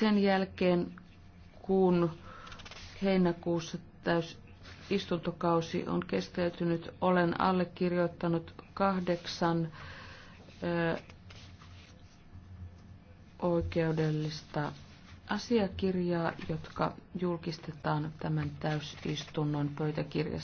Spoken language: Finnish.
sen jälkeen, kun heinäkuussa täysistuntokausi on keskeytynyt, olen allekirjoittanut kahdeksan ö, oikeudellista asiakirjaa, jotka julkistetaan tämän täysistunnon pöytäkirjassa.